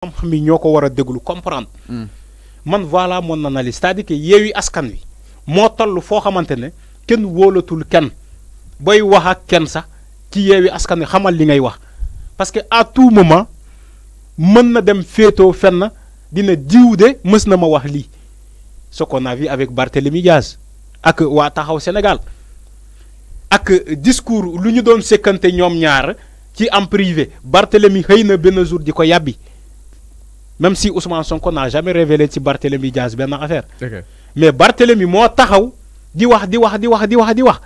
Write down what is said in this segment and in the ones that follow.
xam-xam yi déglu comprendre. Hmm. man voilà mon analyse c'est-à-dire que yeewi askan wi moo toll foo xamantene ken wolatul ken. Boy booy wax ak kenn sax ci yeewi askan wi xamal li ngay wax parce que à tout moment mën na dem feto fenn dina jiw de mës na ma wax li. ce qu'on a vu avec Barthélémy Diaz ak wa taxaw Sénégal ak discours lu ñu doon sekkante ñoom ñaar ci en privé Barthélémy xeyna ben jour diko ko même si Ousmane Sonko n'a jamais révélé ci Barthélemy Diaz ben affaire. mais Barthélemy mo taxaw di wax di wax di wax di wax di wax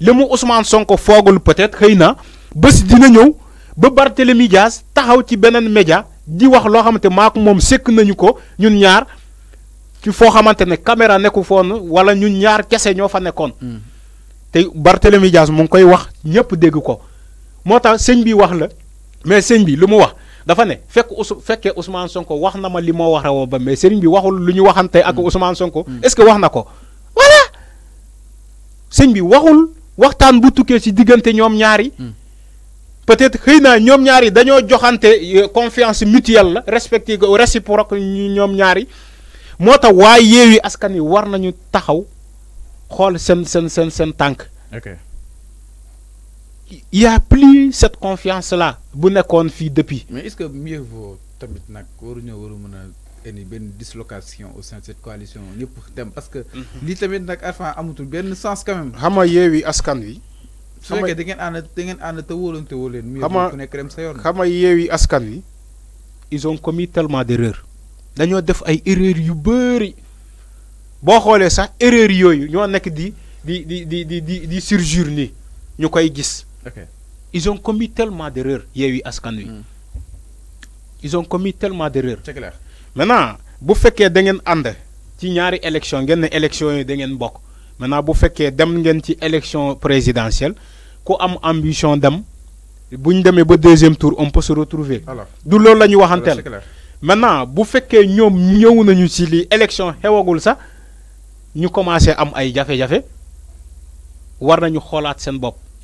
li mu Ousmane Sonko foogul peut-être xëy na bés dina ñëw ba Barthélemy Diaz taxaw ci benen média di wax lo xamante mako mom moom nañu ko ñun ñaar ci fo xamantene caméra nekku wala ñun ñaar kese ño fa nekkoon. Hmm. te Barthélemy Diaz mu ngi koy wax ñëpp dégg ko moo tax bi wax la mais señ bi lu mu wax. dafa ne fekk us fekkee Ousmane Sonko wax na ma li moo wax rawo ba mais sëriñ bi waxul lu ñu waxante ak hmm. Ousmane Sonko. Hmm. est-ce que wax na ko voilà. sëñ bi waxul waxtaan bu tukkee si diggante ñoom ñaari. Hmm. peut-être xëy naa ñoom ñaari dañoo joxante euh, confiance mutuelle la respecté réciproque ñoom ñaari moo tax waaye yi askan wi war nañu taxaw xool seen seen seen seen tànk. il n'y a plus cette confiance-là. depuis. Mais est-ce que mieux vaut une dislocation au sein de cette coalition Parce que mhm. un sens quand même. ils ont commis tellement d'erreurs erreurs. erreurs erreurs di di di di Okay. Ils ont commis tellement d'erreurs, Yehui Askanui. Mm. Ils ont commis tellement d'erreurs. C'est clair. Maintenant, vous faites que vous ande ci ñaari élection ngeen ne élection yi da ngeen maintenant bu fekkee dem ngeen ci élection présidentielle ku am ambition dem bu ñu demee ba deuxième tour on peut se retrouver du loolu la ñu maintenant bu fekkee ñoom ñëw nañu ci lii élection xewagul sax ñu commencé am ay jafe-jafe war nañu xoolaat seen bopp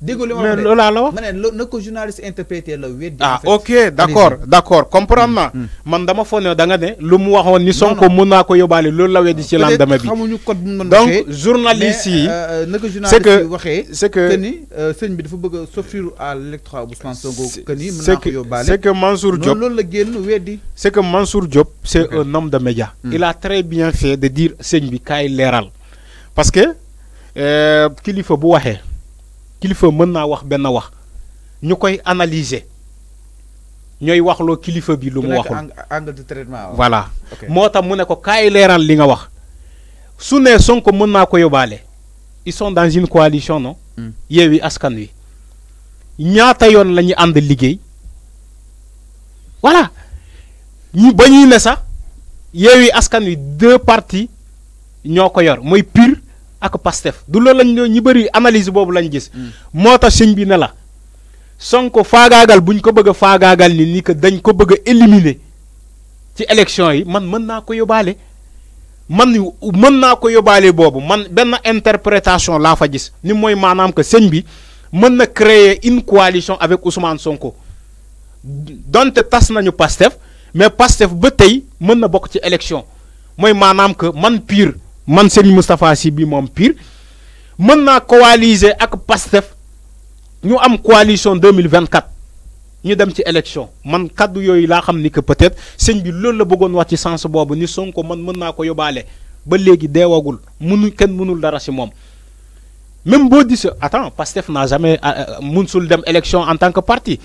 dégg li ma la wax ma ne na ko journaliste interprété la weddi. ah ok d' accord d' accord comprendre naa. Mm. man dama foog ne da nga ne lu mu waxoon ni Sonko mun naa ko yóbbaale loolu la weddi ci lendemain bi. xamuñu code bu mu donc journaliste yi. Euh, euh, na ko journaliste yi waxee c'est que ni euh, sëñ bi dafa bëgg a s'offrir à l'électorat bu Ousmane Sonko que ni mën naa ko yóbbaale. c' que Mansour Diop loolu la génn weddi. c' que Mansour Diop c' est un homme de média. Mm. il a très bien fait de dire sëñ bi kaay leeral parce que kilifa bu waxee kilifa mën naa wax benn wax ñu koy analyser ñooy waxloo kilifa bi lu mu waxul angle de traitement voilà moo tax mu ne ko kaay leeral li nga wax su ne Sonko mën naa ko yóbbaale ils sont dans une coalition non hmm. Yewwi Askan Wi ñaata yoon la ñu ànd liggéey voilà ñu ba ñuy ne sax Yewwi Askan Wi deux partis ñoo ko yor mooy pire ak pastef du loolu lañ ñu bëri analyse boobu lañ gis. Mm. moo tax sëñ bi ne la Sonko faagaagal buñ ko bëgg a faagaagal ni ni que dañ ko bëgg éliminer ci élection yi man mën naa ko yóbbaale. man mën ko yóbbaale boobu man benn interprétation laa fa gis ni mooy maanaam que sëñ bi mën créer une coalition avec Ousmane Sonko donte tas nañu pastef mais pastef ba tey mën na bokk ci élection mooy maanaam que man pire man Serigne Moustapha sibi mom pire mën naa coaliser ak Pastef ñu am coalition 2024 ñu dem ci élection man kaddu yoy la xam ni que peut-être c'est bi loolu la bëggoon wax ci sens bobu ni Sonko man mën naa ko yobale ba léegi deewagul munu kenn mënul dara ci moom même boo di attends Pastef n'a jamais euh, euh, munsul dem élection en tant que parti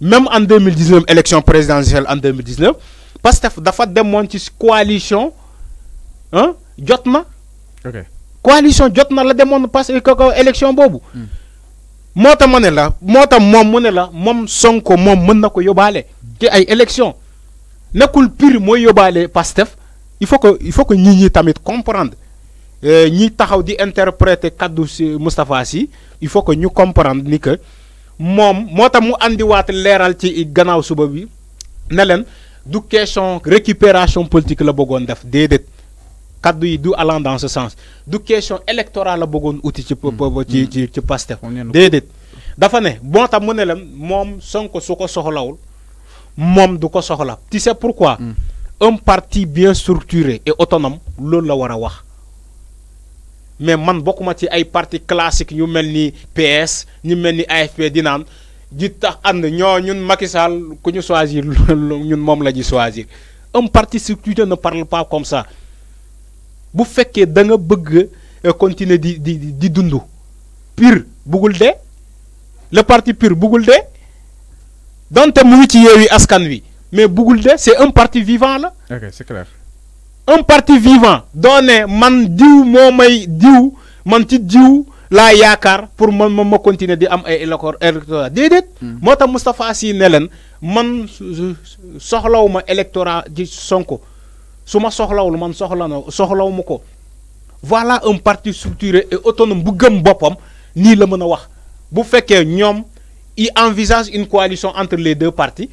même en 2019 élection présidentielle en 2019 Pastef dafa demoon ci coalition hein Jotna? ok coalition jotna la passe que élection bobu hmm. motam ne la motam tax ne la mom Sonko ay Pastef il faut que il faut que nit ñi tamit comprendre euh, ñi taxaw di interpréter kaddu si il faut que ñu comprendre ni que mom motam mu andi wat leral ci gannaaw suba bi ne du question récupération politique la def kaddu yi du allant dans ce sens du question électorale la bëggoon uti ci ci ci ci Pastef déedéet dafa ne bon tax mu ne la moom Sonko su ko soxlawul moom du ko soxla tu sais pourquoi hmm. un parti bien structuré et autonome loolu la war a wax mais man bokkuma ci ay parti classique ñu mel ni PS ñu mel ni AFP di naan ji tax ànd ñoo ñun Macky Sall ku ñu choisir ñun moom la ñuy choisir un parti structuré ne parle pas comme ça bu que da nga bëgg euh, continuer di di di pur bugul le parti pur bugul de donte mu ci askan mais bugul c'est un parti vivant ok c'est clair. un parti vivant. donné man diw momay diw man ci diw pour man vous continuer di am ay électorat hmm. Moustapha Sy man électorat Sonko suma soxlawul man soxla na soxlaw mu ko voilà un parti structuré et autonome bu gëm boppam nii la mën a wax bu fekkee ñoom il envisage une coalition entre les deux partis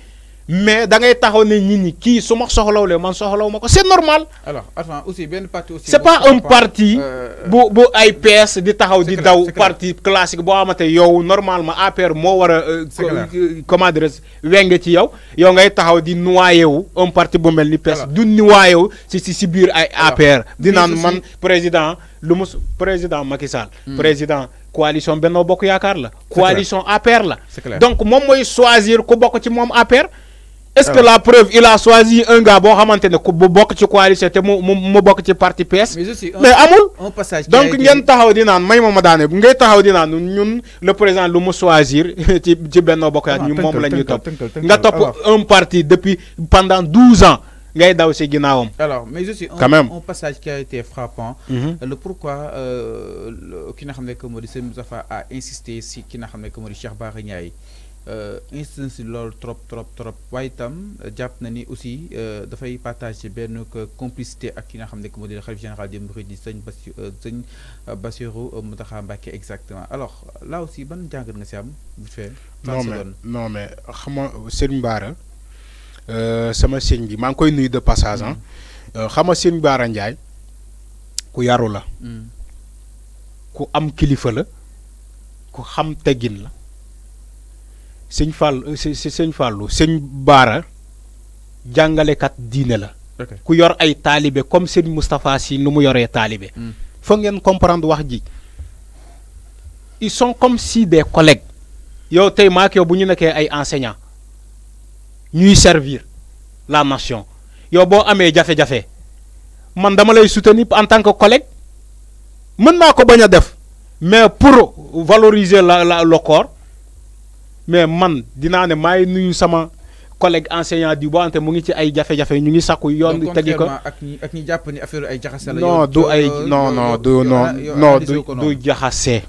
mais da ngay taxaw ni nit ñi kii su ma man soxlaw ma c'est normal. alors attends aussi ben parti aussi. c'est pas un parti. Euh, bu bu ay di taxaw di daw. parti classique bo xamante yow normalement APR mo wara comment dire wenge ci yow yow ngay taxaw di noyé wu un parti bu melni ni PS. du noyé wu ci si ci bir APR. di nan man président le président Macky Sall. Hmm. président. coalition Benno Bokk yakar la. coalition APR la. donc mom moy choisir ku bokk ci mom APR est-ce que ah. la preuve il a choisi un gars bon xamante ne ku bu bokk ci coalition te mu mu mu bokk ci parti PS. mais je suis un amul donc ngeen taxaw di naan may ma ma daane bu ngay taxaw di naan ñun le président lu mu choisir ci ci Benno Bokk Yaakaar ñu ah, moom la top. topp nga topp un parti depuis pendant douze ans ngay daw si ginnaawam. alors mais je suis un passage qui a été frappant. Mm-hmm. Euh, le pourquoi euh, ki nga xam que moo di Sëñ a insisté si ki nga xam ne que moo Cheikh Bara incidence euh, instance loolu trop trop trop waaye euh, japp na ni aussi euh, da fay partager benn euh, complicité ak ki nga xam ne moo di général des mourides di seigne Bassi sëñ Bassirou Mountakha Mbacké exactement alors là aussi ban jang nga ci am bu fait non mais non mais xama seigne sëñ euh, sama seigne bi mang koy nuyu de passage ah. xam nga sëñ Baara Ndiaye ku yarou la. Mm. ku am kilifa la ku xam teggin la. Seigne Fall euh, sëñ Fallou Bara Baara kat diine la. ku yor ay talibé comme Seigne Moustapha si nu mu yoree taalibe. Hmm. foog ngeen comprendre wax ji ils sont comme si des collègues. yow tay mak ak yow bu ñu ay enseignants ñuy servir la nation yow bo amé jafé jafé man dama lay soutenir en tant que collègue mën naa ko bañ a def mais pour valoriser la la le corps. mais man dinaa ne maay nuyu sama collègue enseignant di boante mu ngi ci ay jafe-jafe ñu ngi sakku yoon. di tegi ko ak ak ñi jàpp ni affaire ay jaxase la. non du ay non non du non non du du jaxase.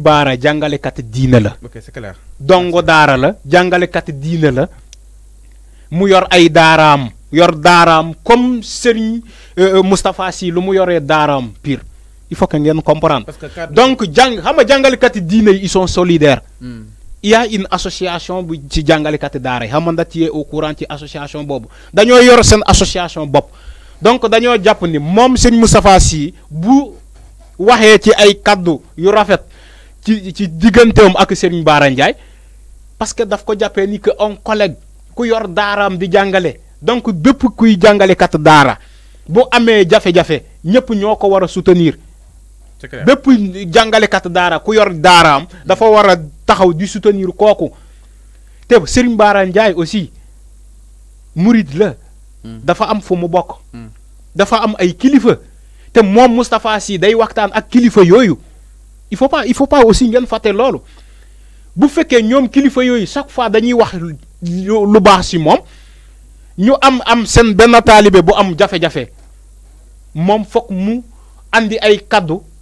Baara jàngalekat diina la. ok c'est clair. dongo daara la jàngalekat diina la mu yor ay daaraam yor daaraam comme sëriñ euh, euh, Moustapha Sy lu mu yoree daaraam pire. il faut que ngeen comprendre donc jàng xam nga jàngalekat yi diine yi ils sont solidaires hmm. il y une association bu ci jàngalekat yi daara yi xam nga ci au courant ci association boobu dañoo yor seen association bopp donc dañoo jàpp ni moom seen Moustapha Sy bu waxee ci ay kaddu yu rafet ci ci digganteem ak sëñ Bara Ndiaye parce que daf ko jàppee ni que un collègue ku yor daaraam di jàngale donc bépp kuy jàngalekat daara bu amee jafe-jafe ñëpp ñoo ko war a soutenir bépp jàngalekat daara ku yor daaraam dafa war a taxaw di soutenir kooku te Serigne Bara aussi murid la hmm. dafa am fu mu bokk hmm. dafa am ay kilifa te moom Moustapha Sy day waxtaan ak kilifa yooyu il faut pas il faut pas aussi ngeen fàtte loolu bu fekkee ñoom kilifa yooyu chaque fois dañuy wax lu baax si moom ñu am am seen benn taalibe bu am jafe-jafe moom foog mu indi ay kaddu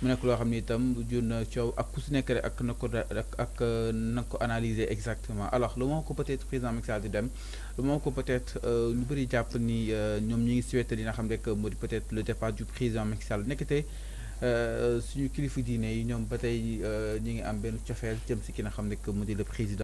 mu nekk loo xam ne itam jur na ak ku si nekk rek ak nako ko ak nako analyser exactement alors le moment que peut être président Macky Sall di dem le moment euh, euh, que peut être lu bari japp ni ñom ñi ngi souhaité li xam rek moo di peut être le départ du président Macky Sall euh suñu kilifa diine ñom batay euh, ñi ngi am ben cofeel jëm ci ki nga xam rek moo di le président.